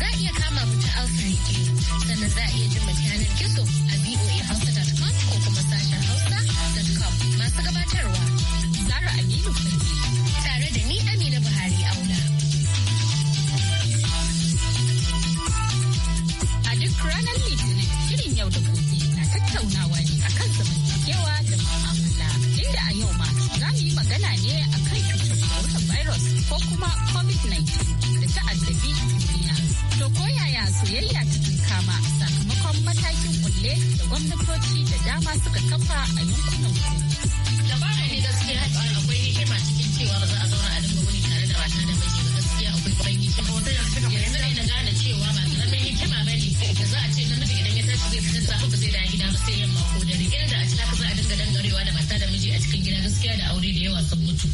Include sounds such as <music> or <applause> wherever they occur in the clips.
za a iya kama mu ta alfa sannan za a iya jin mu yanar gizo a voahausa.com ko kuma sashen hausa.com masu gabatarwa Zara Aminu Fahimi tare da ni Amina Buhari Auna. A duk ranar Litinin shirin yau da gobe na tattaunawa ne akan zamantakewa da mu'amala inda a yau ma za mu yi magana ne akan cutar coronavirus ko kuma COVID-19 da ta'addabi duniya. To ko yaya soyayya ta kama sakamakon matakin kulle da gwamnatoci da dama suka kafa a yankunan ku. Da ba ne gaskiya akwai hikima cikin cewa ba za a zauna a dinga wuni tare da wata da miji ba gaskiya akwai farin hikima. Yanzu ne na gane cewa ba karamin hikima ba ne da za a ce namiji idan ya tashi zai fita safe ba zai da gida ba sai yamma ko dare. Yadda a ci haka za a dinga dangarewa da mata da miji a cikin gida gaskiya da aure da yawa sun mutu.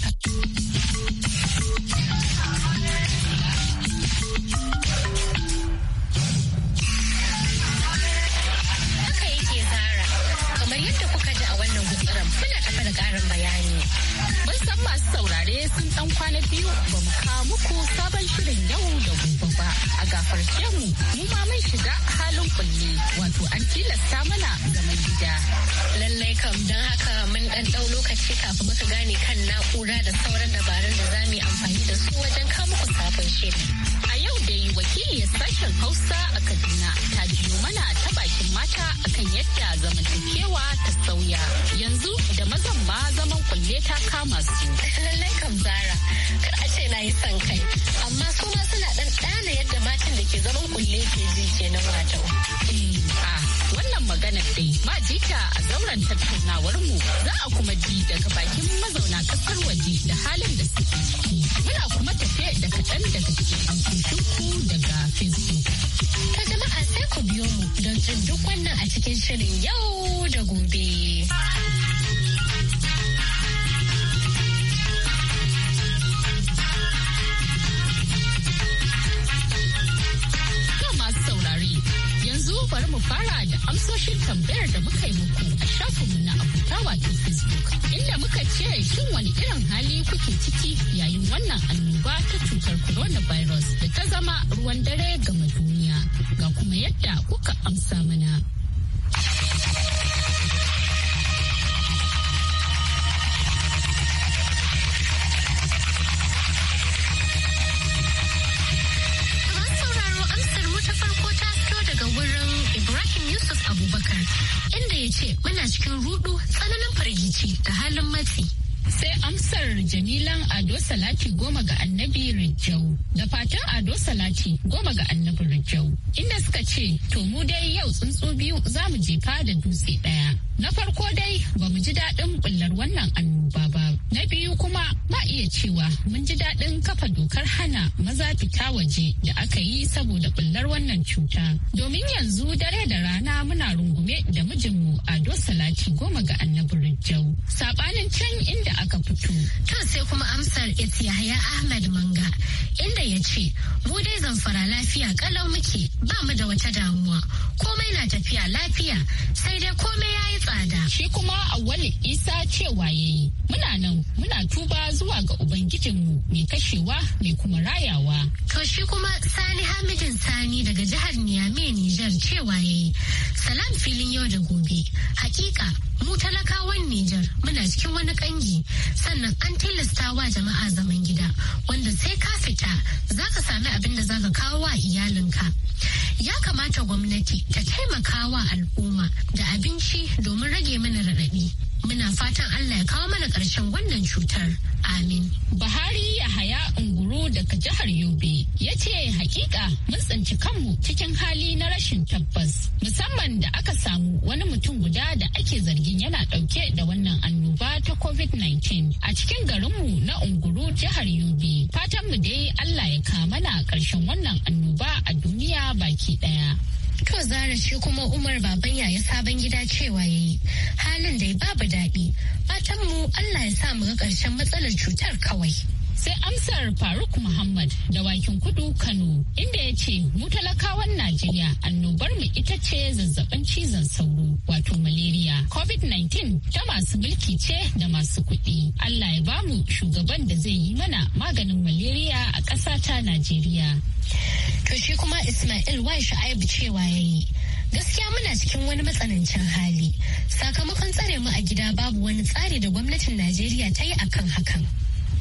dan ɗau lokaci kafin muka gane kan na'ura da sauran dabarun da za mu yi amfani da su wajen kawo muku sabon shiri. A yau da dai wakiliyar sashen Hausa a Kaduna ta biyo mana ta bakin mata akan yadda zamantakewa ta sauya. Yanzu da mazan ma zaman kulle ta kama su. Lallai kan zara, kar a ce na yi son kai, amma su ma suna ɗan ɗana yadda matan da ke zaman kulle ke ji kenan wata. Eh, wannan maganar dai ma jita a zauren tattaunawar kuma ji daga bakin mazauna kasar waje da halin da suke ciki. Muna kuma tafe da kaɗan daga cikin amsoshinku daga Facebook. Ka jama'a sai ku biyo mu don jin duk wannan a cikin shirin yau da gobe. bari mu fara da amsoshin tambayar da muka yi muku a shafinmu na abuta wato shin wani irin hali kuke ciki yayin wannan annoba ta cutar coronavirus da ta zama ruwan dare gama duniya ga kuma yadda kuka amsa mana. Abubakar inda ya muna cikin rudu tsananin fargici da halin matsi Sai amsar Jamilan Ado Salati goma ga annabi Rijau da fatan Ado Salati goma ga annabi Rijau inda suka ce to mu dai yau tsuntsu biyu za mu jefa da dutse ɗaya. Na farko dai ba mu ji daɗin bullar wannan annoba ba. Na biyu kuma ba iya cewa mun ji daɗin kafa dokar hana maza fita waje da aka yi saboda ɓullar wannan cuta. Domin yanzu dare da rana muna rungume da mijinmu Ado Salati goma ga annabin Rijau. Saɓanin can inda aka fito. To sai kuma amsar It Yahaya Ahmad Manga inda ya ce mu dai zamfara lafiya kalau muke ba mu da wata damuwa komai na tafiya lafiya sai dai komai ya yi tsada. Shi kuma Awali Isa cewa yayi muna nan mu muna tuba zuwa ga ubangijinmu mai kashewa mai kuma rayawa. To shi kuma Sani Hamidin Sani daga jihar Niamey Nijar cewa ya yi salam filin yau da gobe hakika mu talakawan Nijar muna cikin wani kangi sannan an tilasta wa jama'a zaman gida wanda sai ka fita za ka sami abin da za ka kawo wa iyalinka. Ya kamata gwamnati ta taimaka wa al'umma da abinci domin rage mana raɗaɗi. Muna fatan Allah ya kawo mana ƙarshen wannan cutar. Amin. Buhari Yahaya Unguru daga jihar Yobe ya ce hakika mun tsinci kanmu cikin hali na rashin tabbas musamman da aka samu wani mutum guda da ake zargin yana ɗauke da wannan annoba ta COVID-19 a cikin garinmu na Unguru jihar Yobe. Fatanmu dai Allah ya kamana ƙarshen wannan annoba a duniya baki ɗaya. To zara shi kuma Umar baban yaya sabon gida cewa ya yi. Halin dai babu daɗi. Fatanmu Allah ya sa mu ga ƙarshen matsalar cutar kawai. Sai amsar Faruk Muhammad da wakin kudu Kano inda ya ce mu talakawan Najeriya annobar mu ita ce zazzabin cizon sauro wato malaria COVID-19 ta masu mulki ce da masu kuɗi. Allah ya bamu shugaban da zai yi mana maganin malaria a ƙasa ta Najeriya. To shi kuma Ismail Wai Sha'aibu cewa ya yi. Gaskiya muna cikin wani matsanancin hali. Sakamakon tsare mu a gida babu wani tsari da gwamnatin Najeriya ta yi akan hakan.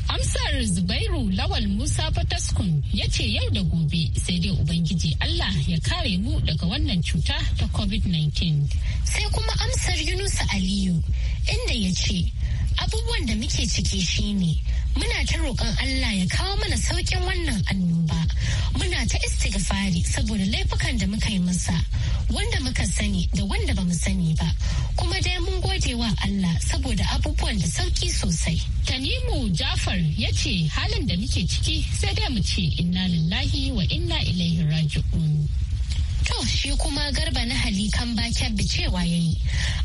Amsar Zubairu Lawal Musa Fataskun ya ce yau da gobe sai dai Ubangiji Allah ya kare mu daga wannan cuta ta COVID-19. Sai kuma amsar Yunusa Aliyu inda ya ce abubuwan da muke ciki shine muna ta roƙon Allah ya kawo mana sauƙin wannan annoba muna ta istighfari saboda laifukan da muka yi masa wanda muka sani da wanda ba mu sani ba kuma dai mun gode wa Allah saboda abubuwan da sauki sosai Tanimu Jafar ya ce halin da muke ciki sai dai mu ce inna lillahi wa inna ilaihi raji'un To shi kuma garba na halikan kan bakin cewa ya yi.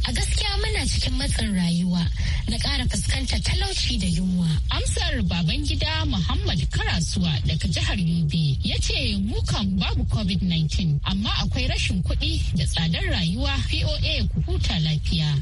A gaskiya muna cikin matsin rayuwa na ƙara fuskantar talauci da yunwa. Amsar baban gida Muhammad Karasuwa daga jihar Yobe ya ce mukan babu COVID-19 amma akwai rashin kuɗi da tsadar rayuwa POA ku huta lafiya.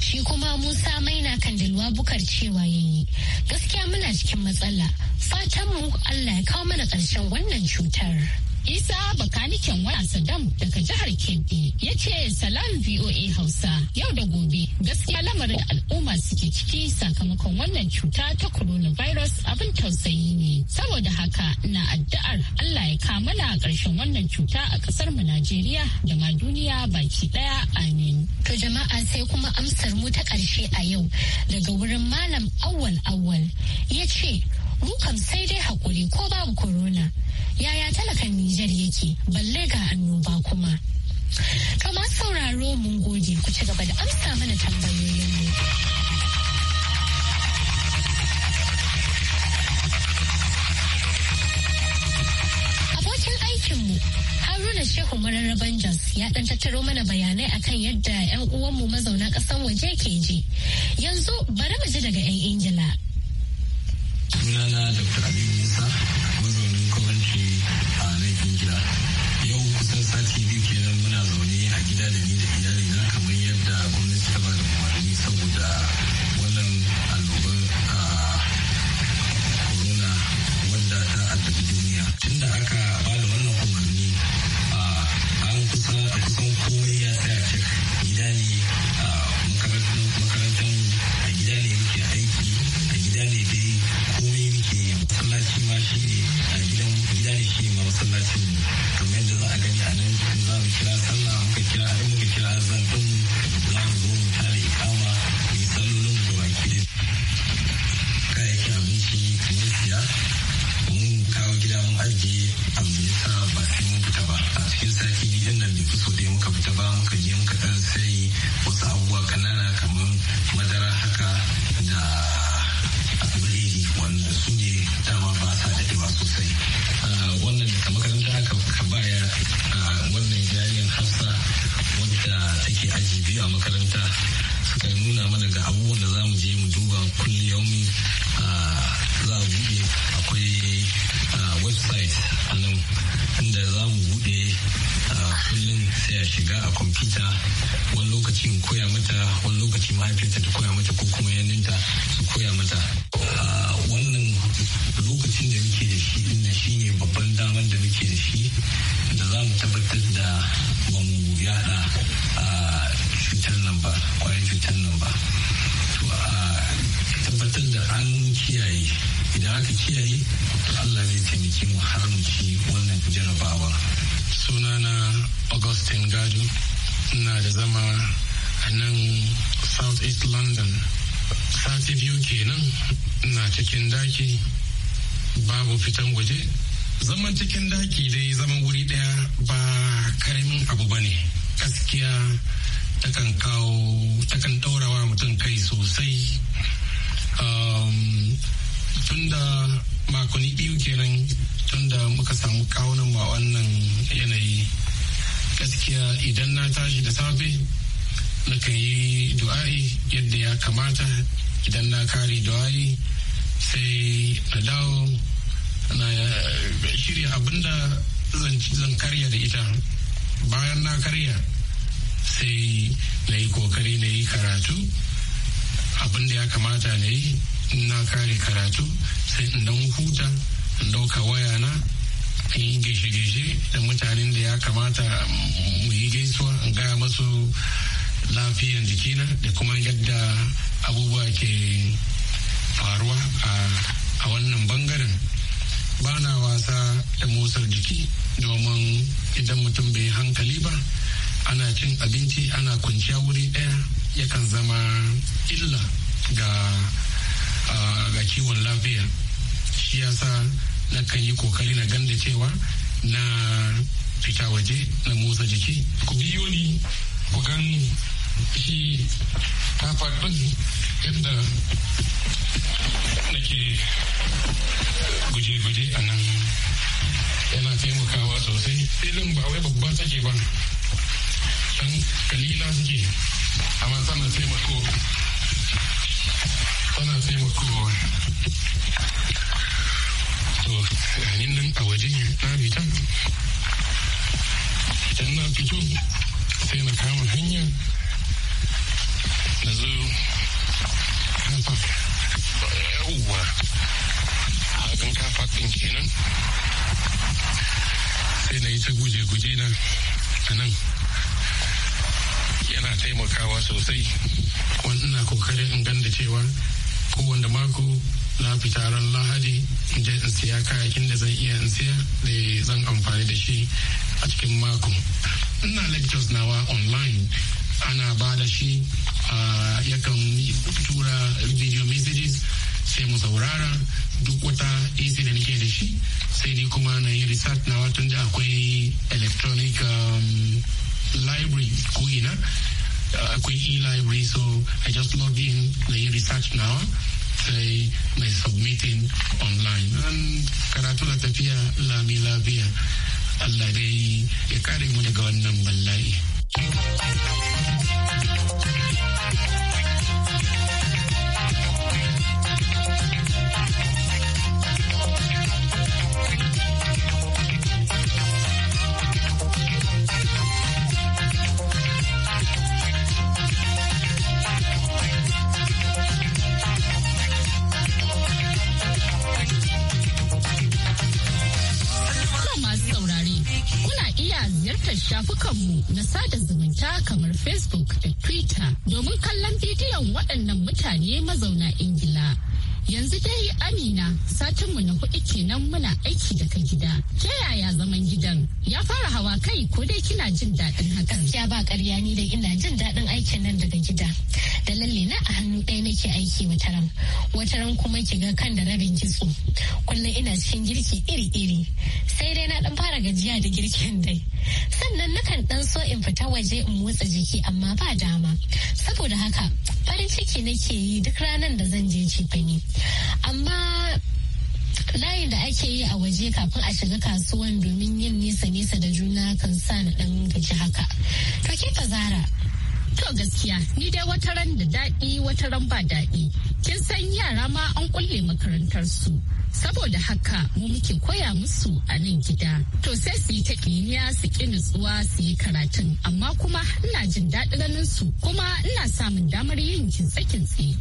Shi kuma Musa maina kan dalwa bukar cewa ya yi. Gaskiya muna cikin matsala. Fatanmu Allah ya kawo mana ƙarshen wannan cutar. Isa bakaniken waya Saddam daga jihar Kebbi ya ce salam VOA Hausa yau da gobe gaskiya lamarin al'umma suke ciki sakamakon wannan cuta ta coronavirus abin tausayi ne. Saboda haka na addu'ar Allah ya kama a ƙarshen wannan cuta a ƙasar mu Najeriya da ma duniya baki ɗaya amin. To jama'a sai kuma amsar mu ta ƙarshe a yau daga wurin Malam Awwal Awwal ya ce mu sai dai haƙuri ko babu corona yaya talakan Nijar yake balle ga hannu ba kuma. Kamar sauraro mun gode ku ci gaba da amsa mana tambayoyin mu Abokin aikinmu Haruna Shehu mararraban Jos ya ɗan tattaro mana bayanai akan yadda 'yan uwanmu mazauna ƙasan waje ke je Yanzu bari mu ji daga 'yan Ingila. Sunana Dr. Aliyu Musa shi a nan ingila yau kusan sati biyu kenan muna zaune a gida da ni da iyali na kamar yadda gwamnati ta ba da umarni saboda wannan annoban ah, corona wadda ta addabi duniya tunda aka a makaranta suka nuna mana ga abubuwan da za mu je mu duba kulliyomi za a buɗe akwai website a nan inda za mu buɗe kullum sai a shiga a kwamfuta wani lokacin koya mata wani lokaci mahaifinta ta koya mata ko kuma yaninta su koya mata wannan lokacin da muke da shi inda shi ne babban damar da muke da shi da za mu tabbatar da ba mu yada ba kwayar cutar nan ba to a tabbatar da an kiyaye idan aka kiyaye to allah zai taimaki mu har mu ci wannan jarabawa na augustine gado ina da zama a nan south east london sati biyu kenan na cikin daki babu fitan waje zaman cikin daki dai zaman wuri daya ba karamin abu ba ne gaskiya takan kawo takan daurawa mutum kai sosai um, tun da makonni biyu kenan tun da muka samu kawunan ma wannan yanayi gaskiya idan na tashi da safe nakan yi du'a'i yadda ya kamata idan na kare du'a'i sai na dawo na eh, shirya abinda zan karya da ita bayan na karya sai na yi kokari na yi karatu abin da ya kamata na yi na kare karatu sai in dan huta in ɗauka waya na in yi gaishe da mutanen da ya kamata mu yi gaisuwa in gaya masu lafiyan jikina da kuma yadda abubuwa ke faruwa a wannan bangaren ba na wasa da motsar jiki domin idan mutum bai hankali ba ana cin abinci ana kwanciya wuri ɗaya yakan zama illa ga ga kiwon lafiya shi yasa na kan yi kokari na ganda cewa na fita waje na motsa jiki ku biyo ni ku gan shi kafa ɗin yadda nake guje-guje a nan yana taimakawa sosai filin ba wai babban sake ba ɗan kalila suke amma tana taimako tana taimako to yayin nan a waje na fita idan na fito sai na kama hanya na zo kamfak yawwa hagan kamfak ɗin kenan sai na yi ta guje-guje na a nan yana taimakawa sosai wani ina kokarin in ganda cewa kowanne mako na fita ran lahadi in je in siya kayakin da zan iya in siya da zan amfani da shi a cikin mako ina lectures nawa online ana ba da shi yakan tura video messages sai mu saurara duk wata ac da nake da shi sai ni kuma na yi research na watan da akwai electronic um, library ko ina akwai uh, e-library so I just log in the research now sai mai submitting online and karatu la tafiya lami lafiya Allah dai ya kare mu daga wannan wallahi. Yanzu dai Amina satinmu na hudu kenan muna aiki daga gida. Ta yaya zaman gidan ya fara hawa kai ko dai kina jin daɗin hakan? Ya ba ƙarya ni da ina jin daɗin aikin nan daga gida. Da lalle na a hannu ɗaya nake aiki wata wata Wataran kuma ki ga kan da rabin kitso. Kullum ina cikin girki iri-iri. Sai dai na ɗan fara gajiya da girkin dai. Sannan nakan ɗan so in fita waje in motsa jiki amma ba dama. Saboda haka farin ciki nake yi duk ranar da zan je cefane amma layin da ake yi a waje kafin a shiga kasuwan domin yin nesa-nesa da juna kan sa na dan gaji haka to ke ta zara To gaskiya ni dai wata ran da daɗi wata ran ba daɗi. Kin san yara ma an kulle makarantar su. saboda haka mu muke koya musu a nan gida to sai su yi ta kimiyya su ki nutsuwa su yi karatun amma kuma ina jin daɗin ganin su kuma ina samun damar yin kintse-kintse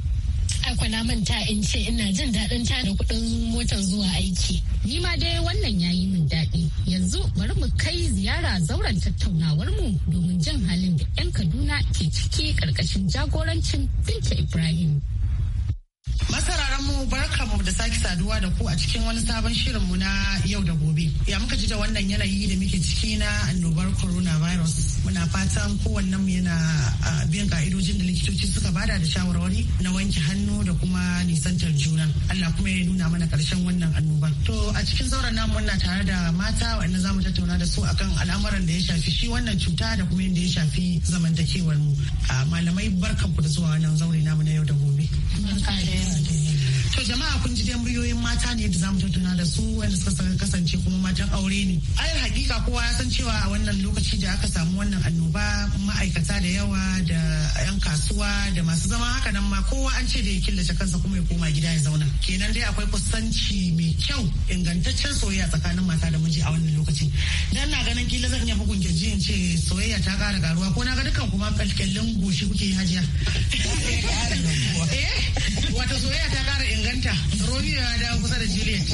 Aiko na manta in ce ina jin daɗin tada kuɗin motar zuwa aiki. Ni ma dai wannan ya yi min daɗi. Yanzu bari mu kai ziyara zauren tattaunawar mu domin jin halin da 'yan Kaduna ke ciki ƙarƙashin jagorancin Binta Ibrahim. sauraron mu da sake saduwa da ku a cikin wani sabon shirin mu na yau da gobe. Ya muka ji da wannan yanayi da muke ciki na annobar coronavirus. Muna fatan kowannen mu yana bin ka'idojin da likitoci suka bada da shawarwari na wanke hannu da kuma nisantar juna. Allah kuma ya nuna mana karshen wannan annoba. To a cikin zauren namu muna tare da mata wanda zamu tattauna da su akan al'amuran da ya shafi shi wannan cuta da kuma yadda ya shafi zamantakewar mu. Malamai barkanku da zuwa wannan zaure namu na yau da gobe. Thank To jama'a kun ji dai muryoyin mata ne da zamu tattauna da su wanda suka kasance kuma matan aure ne. Ayar hakika kowa ya san cewa a wannan lokaci da aka samu wannan annoba ma'aikata da yawa da 'yan kasuwa da masu zama haka nan ma kowa an ce da ya killace kansa kuma ya koma gida ya zauna. Kenan dai akwai kusanci mai kyau ingantaccen soyayya tsakanin mata da miji a wannan lokaci. Dan na ganin kila zan iya bugun kirji in ce soyayya ta ƙara garuwa ko na ga dukkan kuma kalkallin goshi kuke hajiya. <laughs> Eh, wato soyayya ta ƙara inganta. ganta Romeo ya dawo kusa da Juliet.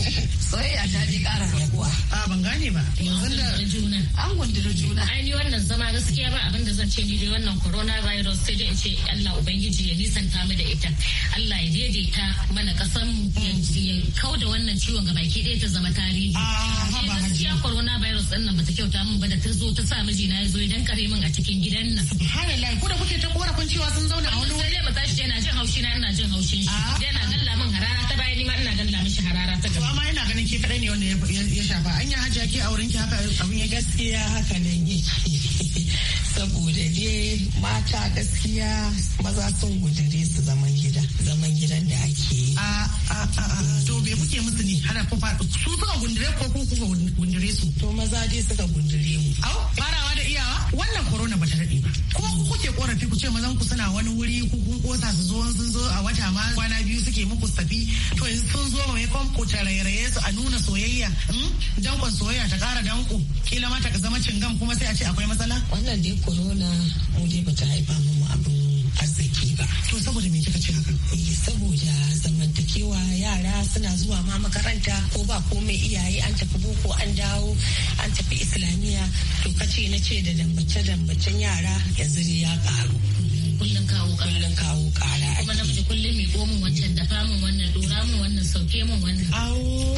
Soyayya ta ji kara raguwa. A ban gane ba. Yanzu da an gundura juna ai ni wannan zama gaskiya ba abin da zan ce ni dai wannan coronavirus sai dai in ce Allah ubangiji ya nisanta mu da ita Allah ya daidaita mana kasan mu ya da wannan ciwon ga baki ɗaya ta zama tarihi ah, eh, Ba gaskiya coronavirus din nan bata kyauta min ba da ta zo ta sa mijina ya zo ya dankare min a cikin gidan nan subhanallah ko da kuke ta korafin cewa sun zauna a wani wuri ba tashi yana jin haushi na ina jin haushin shi ah. yana galla min harara rara ta gaba. amma ina ganin ke kaɗai ne wanda ya shafa an yi hajiya ke auren ki haka abin ya gaskiya haka ne <laughs> saboda dai mata gaskiya maza sun gudure su zama to me kuke musu ne hana kofa su suka gundure ko kuma kuka gundure su to maza dai suka gundure mu au farawa da iyawa wannan corona ba ta dade ba ko ku kuke korafi ku ce mazan ku suna wani wuri ku kun kosa su zo sun zo a wata ma kwana biyu suke muku tafi to yanzu sun zo mai kon ku tarairaye su a nuna soyayya hmm? dankon soyayya ta kara danko kila ma ta zama cingam kuma sai a ce akwai matsala wannan dai corona mu dai bata haifa mu abin arziki ba to saboda me kika kewa yara suna zuwa ma makaranta ko ba komai iyaye an tafi boko an dawo an tafi islamiyya to kace na ce da dambace-dambacen yara yanzu ya karu kokarin kawo kokarin kawo kara kuma namiji kullum mi komin wancan dafa mun wannan dora mun wannan sauke mun wannan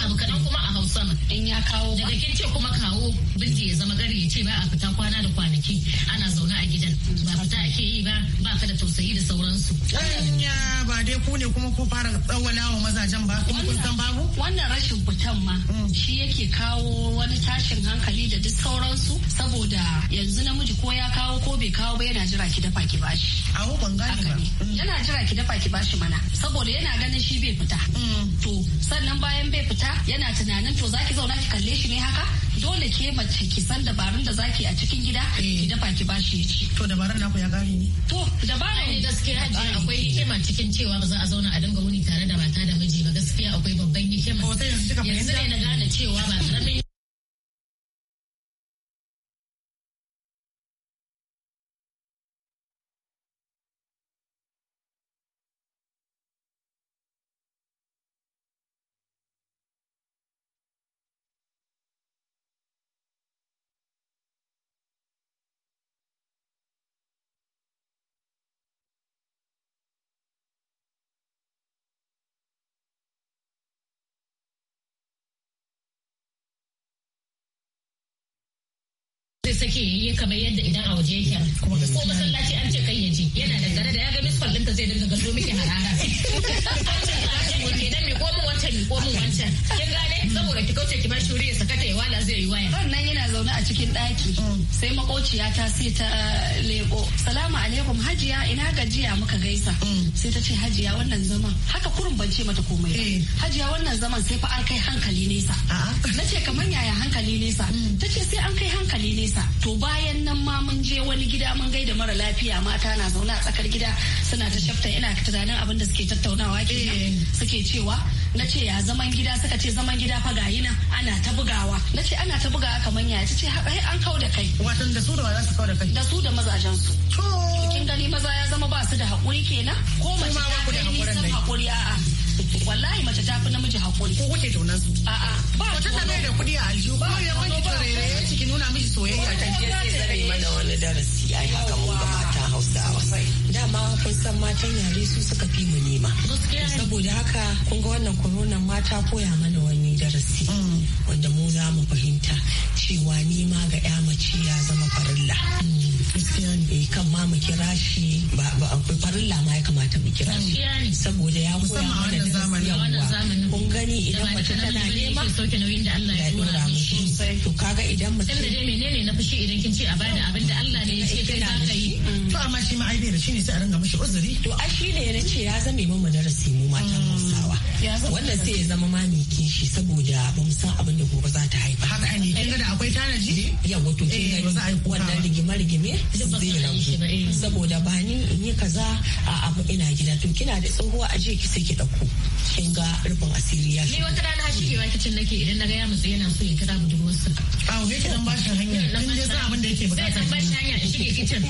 abu kadan kuma a hausa in ya kawo ba. daga kin ce kuma kawo binti ya zama gari ya ce ba a fita kwana da kwanaki ana zaune a gidan ba fita ake yi ba ba ka da tausayi da sauransu anya ba dai ku ne kuma ku fara tsawala wa mazajen ba kuma kun san babu wannan rashin fitan ma mm. shi yake kawo wani tashin hankali da duk sauransu saboda yanzu namiji ko ya kawo ko bai kawo ba yana jira ki dafa ki bashi ban gane ba yana jira ki dafa ki bashi mana saboda yana ganin shi bai fita mm. to sannan bayan bai fita yana tunanin to zaki zauna ki kalle shi ne haka dole ke mace ki san dabarun da zaki a cikin gida ki eh. dafa ki bashi ya ci to dabarun naku ya gane ne to dabarun ne gaskiya akwai hikima cikin cewa ba za a zauna a dinga wuni tare da mata da miji ba gaskiya akwai babban hikima yanzu ne na gane cewa ba karamin zai sake yi kamar yadda idan a waje yake kuma ko masallaci an ce kai ya ji yana da gare da ya ga miss call ɗinka zai dinga gado miki harara. <laughs> ko Wancan ko ko wancan wancan saboda ki kauce ki bar shuri ya saka ta wala zai yi waya Sannan yana zaune a cikin daki mm. sai makociya ta sai ta uh, leƙo. salamu alaikum hajiya ina gajiya muka gaisa mm. sai ta ce hajiya wannan zaman haka kurun ban ce mata komai mm. hajiya wannan zaman sai fa an kai hankali nesa na ce kamar yaya hankali nesa ta ce sai an kai hankali nesa to bayan nan ma mun je wani gida mun gaida mara lafiya mata na zaune a tsakar gida suna ta shafta ina tunanin abin da suke tattaunawa ke. Eh. suke cewa na ce ya zaman gida suka ce zaman gida gida fa gayi nan ana ta bugawa na ce ana ta bugawa kamar ya ce ce an kau da kai watan da su da za su kau da kai da su da mazajen su kin gani maza ya zama ba su da hakuri kenan ko mace ta kai nisan haƙuri a'a wallahi mace ta fi namiji hakuri ko kuke taunan su a'a ba wata ta bai da kuɗi a aljihu ba ya kwanki tarere ya ciki nuna miji soyayya ta ke zai mana wani darasi ai haka mun ga mata Hausawa dama kun san matan yare su suka fi mu nema saboda haka kun ga wannan koronan mata koya mana darasi wanda mu za mu fahimta cewa ni ma ga ya mace ya zama farilla eh, kan ma mu kira shi ba farilla ma ya kamata mu kira shi saboda ya koya mana da yawa kun gani idan mace tana nema ya dora mu sosai to kaga idan mace tunda dai menene na fushi idan kin ce a bada abin da Allah ne ya ce kai za ka yi to amma shi ma ai bai da shi ne sai a ringa mashi uzuri to ai shi ne ya ce ya zame mu darasi mu matan Hausawa wannan sai ya zama ma mai kishi saboda ba mu san abin da gobe za ta haifa ga da akwai tanaji eh, Ya to ke gani da rigima rigime zai ragu eh. saboda ba ni in yi kaza a abu ina gida to kina da tsohuwa a je ki sai ki dauko kin ga rufin asiri ya ni wata rana shi ke kicin nake idan na ga ya mutsi yana so ya kira budurwarsa a wani ki ba shi hanya in dai san abin da yake bukata zai ba shi hanya shige kicin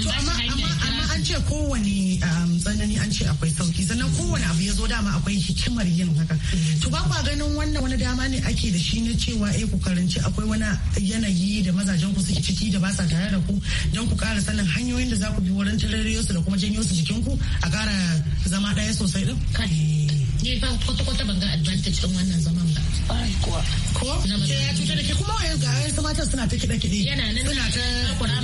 to amma amma an ce kowane um, tsanani an ce akwai sauki sannan kowane abu ya zo dama akwai hikimar yin haka to ba ganin wannan wani dama ne ake da shi na cewa eh ku karanci akwai wani yanayi da mazajen ku suke ciki da ba sa tare da ku don ku ƙara sanin hanyoyin da za ku bi wurin tarariyo su da kuma janyo su jikin ku a ƙara zama ɗaya sosai din. Ni ba kwata-kwata ban ga advantage ɗin wannan zaman ba. Ai kuwa. Ko? Ke ya cutar da ke kuma wayan ga wayan matan suna ta kiɗe-kiɗe. Yana nan suna ta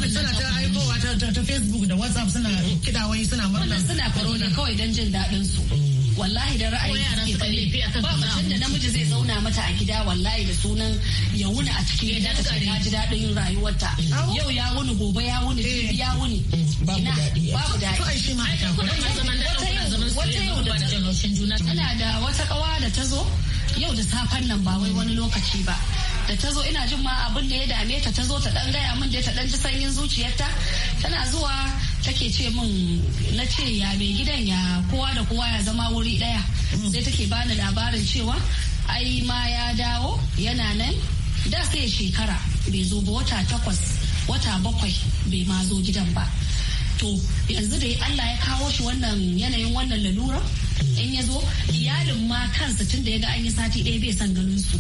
suna ta aikowa ta Facebook da WhatsApp suna kiɗa wai suna murna. Wannan suna corona kawai don jin daɗin su. Mm. wallahi da ra'ayi ke kalle ba macen da namiji zai zauna mata a gida wallahi da sunan ya wuni a cikin gida ta ta ji daɗin rayuwarta yau ya wuni gobe ya wuni eh. jibi ya wuni eh, babu daɗi babu daɗi wata yau da tana da wata kawa da ta zo yau da safen nan ba wai wani lokaci ba da ta zo ina jin ma abin da ya dame ta ta zo ta ɗan gaya min da ta ɗan ji sanyin zuciyarta tana zuwa take ce min na ce ya mai gidan ya kowa da kowa ya zama wuri daya sai take bani labarin cewa ai ma ya dawo yana nan da sai shekara bai zo ba wata takwas wata bakwai bai ma zo gidan ba to yanzu da Allah ya kawo shi wannan yanayin wannan lalura in ya zo iyalin ma kansa tun da ya ga an yi sati ɗaya bai san ganin su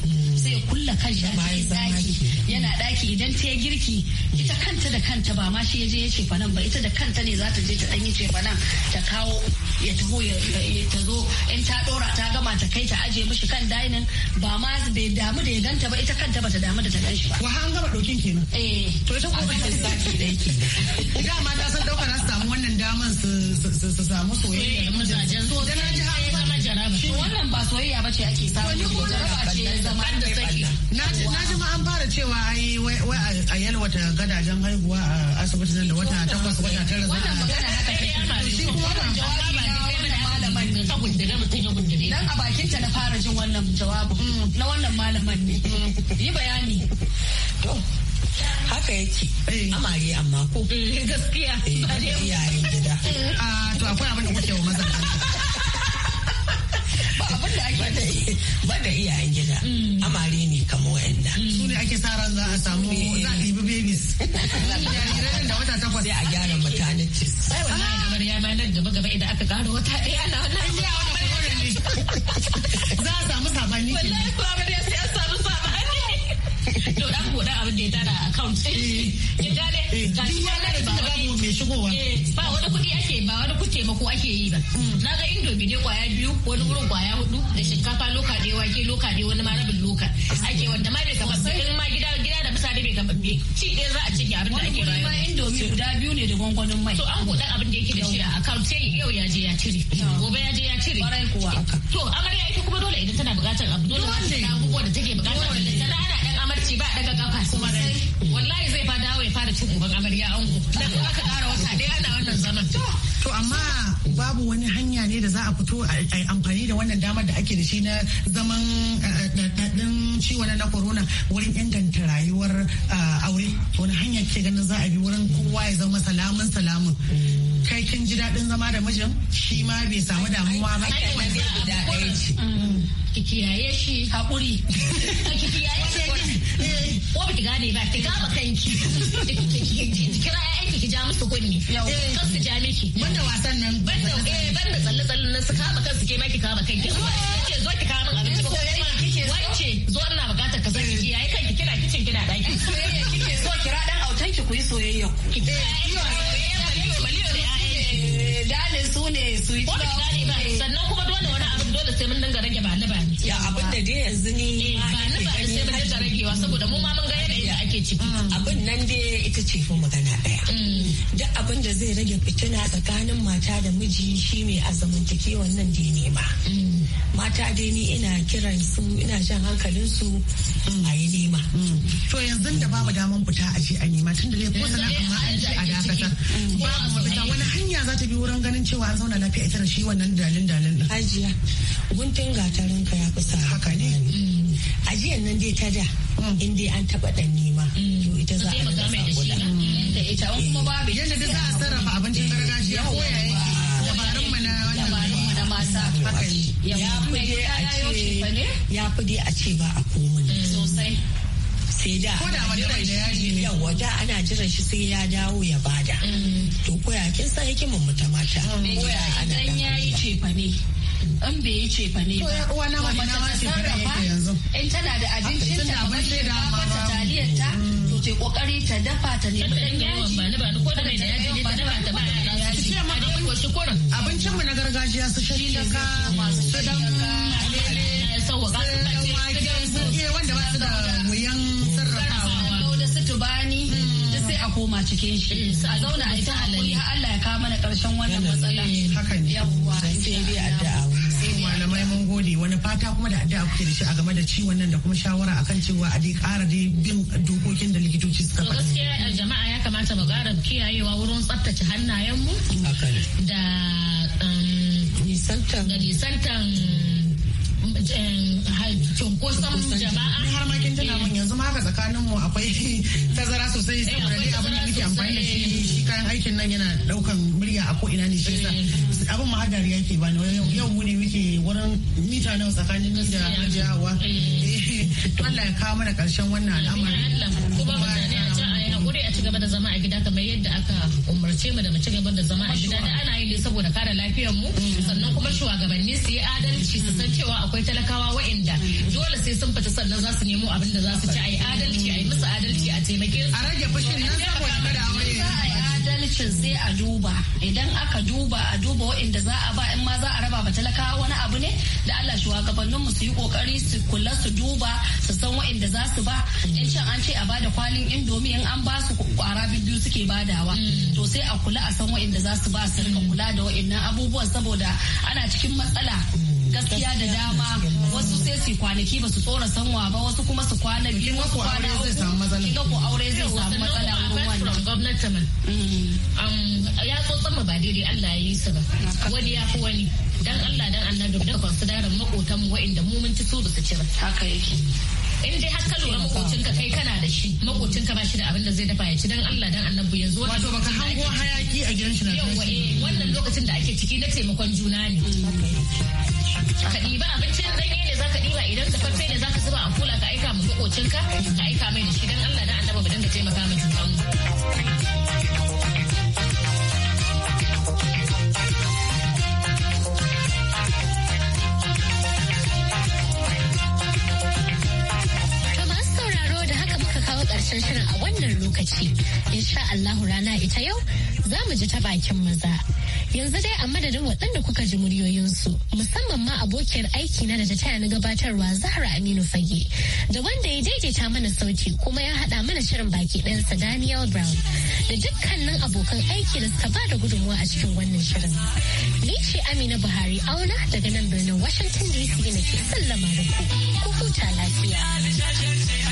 zai kulla kanshi a cikin daki yana daki idan ta girki ita kanta da kanta ba ma shi ya je ya ce fanan ba ita da kanta ne za ta je ta dan yi ce fanan ta kawo ya taho ya ta zo in ta dora ta gama ta kai ta aje mishi kan dainin ba ma bai damu da ya ganta ba ita kanta ba ta damu da ta ganshi ba wa an gama dokin kenan eh to ita kuma ta zaki dai kenan ma ta san dauka na daman su samu soyayya da na ji wannan ba soyayya ba ce ake samu ko ce zama da saki na ji an fara cewa yi wai a yalwata gadajen haihuwa a asibiti nan da wata takwas wata tara za a magana haka shi kuma wannan jawabi ne ta gundure mutum ya gundure dan a bakin ta na fara jin wannan jawabin mm, na wannan malamar ne mm. yi bayani to haka yake eh. amare amma ko eh, gaskiya eh, ba ne iyayen gida a ah, to akwai abin da kuke wa mazan ba abin da ake ba da iyayen gida hmm. amare ne kamar wa'anda hmm. su ne ake sa ran za a samu za a ibi babies <laughs> jariran da wata takwas sai a gyara mutanen cis sai wannan gabar ah. ya ma nan gaba gaba idan aka ƙara wata ɗaya na wannan <laughs> za a samu sabani wallahi ko abin da ya lodan godan abin da ya tara account eh. <laughs> kin gane eh, ga shi ya gane ba wani mai shigowa eh, ba wani kuɗi ake ba wani kuɗi taimako ake yi ba hmm. na ga indomi ne kwaya biyu wani wurin kwaya hudu da shinkafa loka ɗaya wake loka ɗaya wani ma rabin loka ake wanda ma bai kamata in ma gida gida da mutane bai kamata ci ɗaya za a cinye abin da ake bayarwa wani indomi guda biyu ne da gwangwanin mai to an godan abin da yake da shi a account sai yau ya je ya cire gobe ya je ya cire kwarai kuwa to amarya ita kuma dole idan tana buƙatar abu dole wanda abubuwa da take buƙata da tana bashi ba daga kafa dai wallahi zai fa dawo ya fara cin uban amarya ango da aka kara wata dai ana wannan zaman to amma babu wani hanya ne da za a fito a amfani da wannan damar da ake da shi na zaman ɗaɗɗin ciwon na corona wurin inganta rayuwar aure wani hanya ke ganin za a bi wurin kowa ya zama salamun salamun kai kin ji daɗin zama da mijin shi ma bai samu damuwa ba ki kiyaye shi haƙuri ki gane ba ki gaba kanki kira ƴaƴanki ki ja musu kunni eh, kan su ja miki banda wasan nan banda eh banda tsalle tsalle nan su kama kansu ke ma ki kama kanki ce zo ki kawo min abinci ba kuma wance zo ina bukatar ka zaki ki yayi kanki kina kicin kina daki soyayya kike so kira dan autanki ku yi soyayya ku ki soyayya maliyo da ƴaƴa dalin su ne su yi ba sannan kuma dole wani abu dole sai mun dinga rage ba ni ba ya abin da dai yanzu ni eh, ba ni ba sai mun dinga ragewa saboda mu ma mun ga yanayin da ake ciki mm. abin nan dai ita ce kuma magana daya mm. duk abin da zai rage fitina tsakanin mata da miji shi mai azamantakewan nan dai ne ba mm. mata dai ni ina kiran su ina jan hankalin su a yi nema. To yanzu da babu daman fita a ce a nema tun da dai ko sana amma an je a dakata. Babu mafita wani hanya za ta bi wurin ganin cewa an zauna lafiya ita da shi wannan dalin dalin din. Hajiya guntun gatarin ka ya kusa. Haka ne. Ajiyar nan dai ta da mm. in dai an taɓa ɗan nema. To mm. ita za a yi da eh. ita. Yanda duk za a sarrafa abincin gargajiya ko yaya dabarun mana wannan. wasa ya fi a ce ba a komai mm, sosai sai da yawa da ana jiran shi sai ya dawo ya bada mm. to koya kin san hikimin mu ta mata mm. koya ana dan yayi cefa ne An bai yi cefa ne ba wani wani ma sarrafa in tana da abincin ta ba sai da mata taliyar ta to sai kokari ta dafa ta ne dan yaji ba ni ba ni ko da mai da yaji ne ni ba ta ba abinci kurin abincin mu na gargajiya su shashaka su dan eh, wanda ba su da wuyan sarrafawa da su tubani hmm. da sai a koma cikin shi hmm. su a zauna a ita alayi Allah ya kawo mana karshen wannan matsala haka ne wani fata kuma da addu'a kuke da shi a game da ciwon nan da kuma shawara akan cewa a dai ƙara dai bin dokokin da likitoci suka faɗa. Gaskiya eh, jama'a ya kamata mu ƙara kiyayewa wurin tsaftace hannayenmu. Da um, nisantan. Da nisantan um, eh, cunkoson jama'a har ma kin tana mun yanzu ma haka tsakanin mu akwai <laughs> tazara sosai saboda ni abin da muke amfani da shi kayan aikin nan yana daukan murya a ko ina ne shi yasa eh, abin mahadari yake ba ne yau mu ne muke wurin mita nawa tsakanin nan da hajiyawa eh, <laughs> Allah ya kawo mana karshen wannan al'amari kuma mutane a ci gaba da zama a gida kamar yadda aka umarce mu da mu ci gaba da zama a gida da ana yi ne saboda kare lafiyar mu sannan kuma shugabanni su yi adalci su san cewa akwai talakawa waɗanda dole sai sun fita sannan za su nemo abin da za su ci a yi adalci a yi musu adalci a taimake su a rage fushin nan saboda wani adalcin sai a duba idan aka duba a duba waɗanda za a ba in ma za a raba ba talakawa wani abu ne da Allah shugabannin mu su yi kokari su kula su duba su san waɗanda za su ba in can an ce a ba da kwalin indomi in an ba su kwara biyu suke badawa mm. to sai a kula a san wa'inda za su ba su rika kula da wa'innan abubuwan saboda ana cikin matsala gaskiya da dama wasu sai su kwanaki ba su tsora sanwa ba wasu kuma su kwana biyu wasu kwana uku kinga ko aure zai samu matsala mm. um, Ya wannan gwamnati ya tsotsan ba daidai Allah ya yi su ba wani ya fi wani dan Allah dan annabi da consider makotan mu wa'inda mu mun ci su ba su ci haka yake in dai har ka lura makocin ka kai kana da shi makocin ka ba shi da abin da zai dafa ya ci dan Allah dan annabi yanzu wato baka hango hayaki a gidan shi na yau eh wannan lokacin da ake ciki na taimakon juna ne ka diba abincin danye ne zaka ɗiba idan farfe ne zaka zuba a kula ka aika mu makocin ka ka aika mai da shi dan Allah dan annabi mu dinga taimaka ma juna mu takaitaccen shirin a wannan lokaci. Insha Allahu rana ita yau za mu ji ta bakin maza. Yanzu dai a madadin waɗanda kuka ji muryoyinsu musamman ma abokiyar aiki na da ta taya na gabatarwa Zahra Aminu Fage da wanda ya daidaita mana sauti kuma ya haɗa mana shirin baki ɗansa Daniel Brown da dukkanin abokan aiki da suka ba da gudunmuwa a cikin wannan shirin. Ni ce Amina Buhari auna daga nan birnin Washington DC na ke sallama da ku. Ku huta lafiya.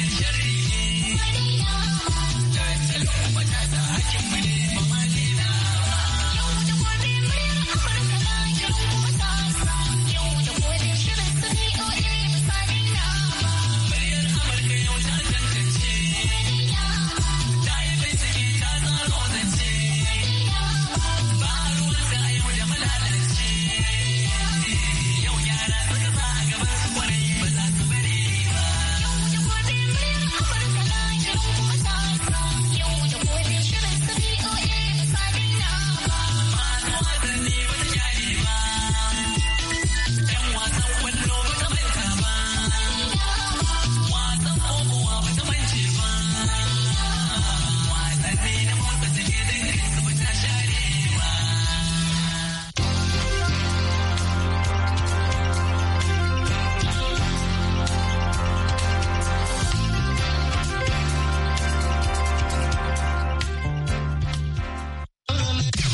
talon na da mu ne.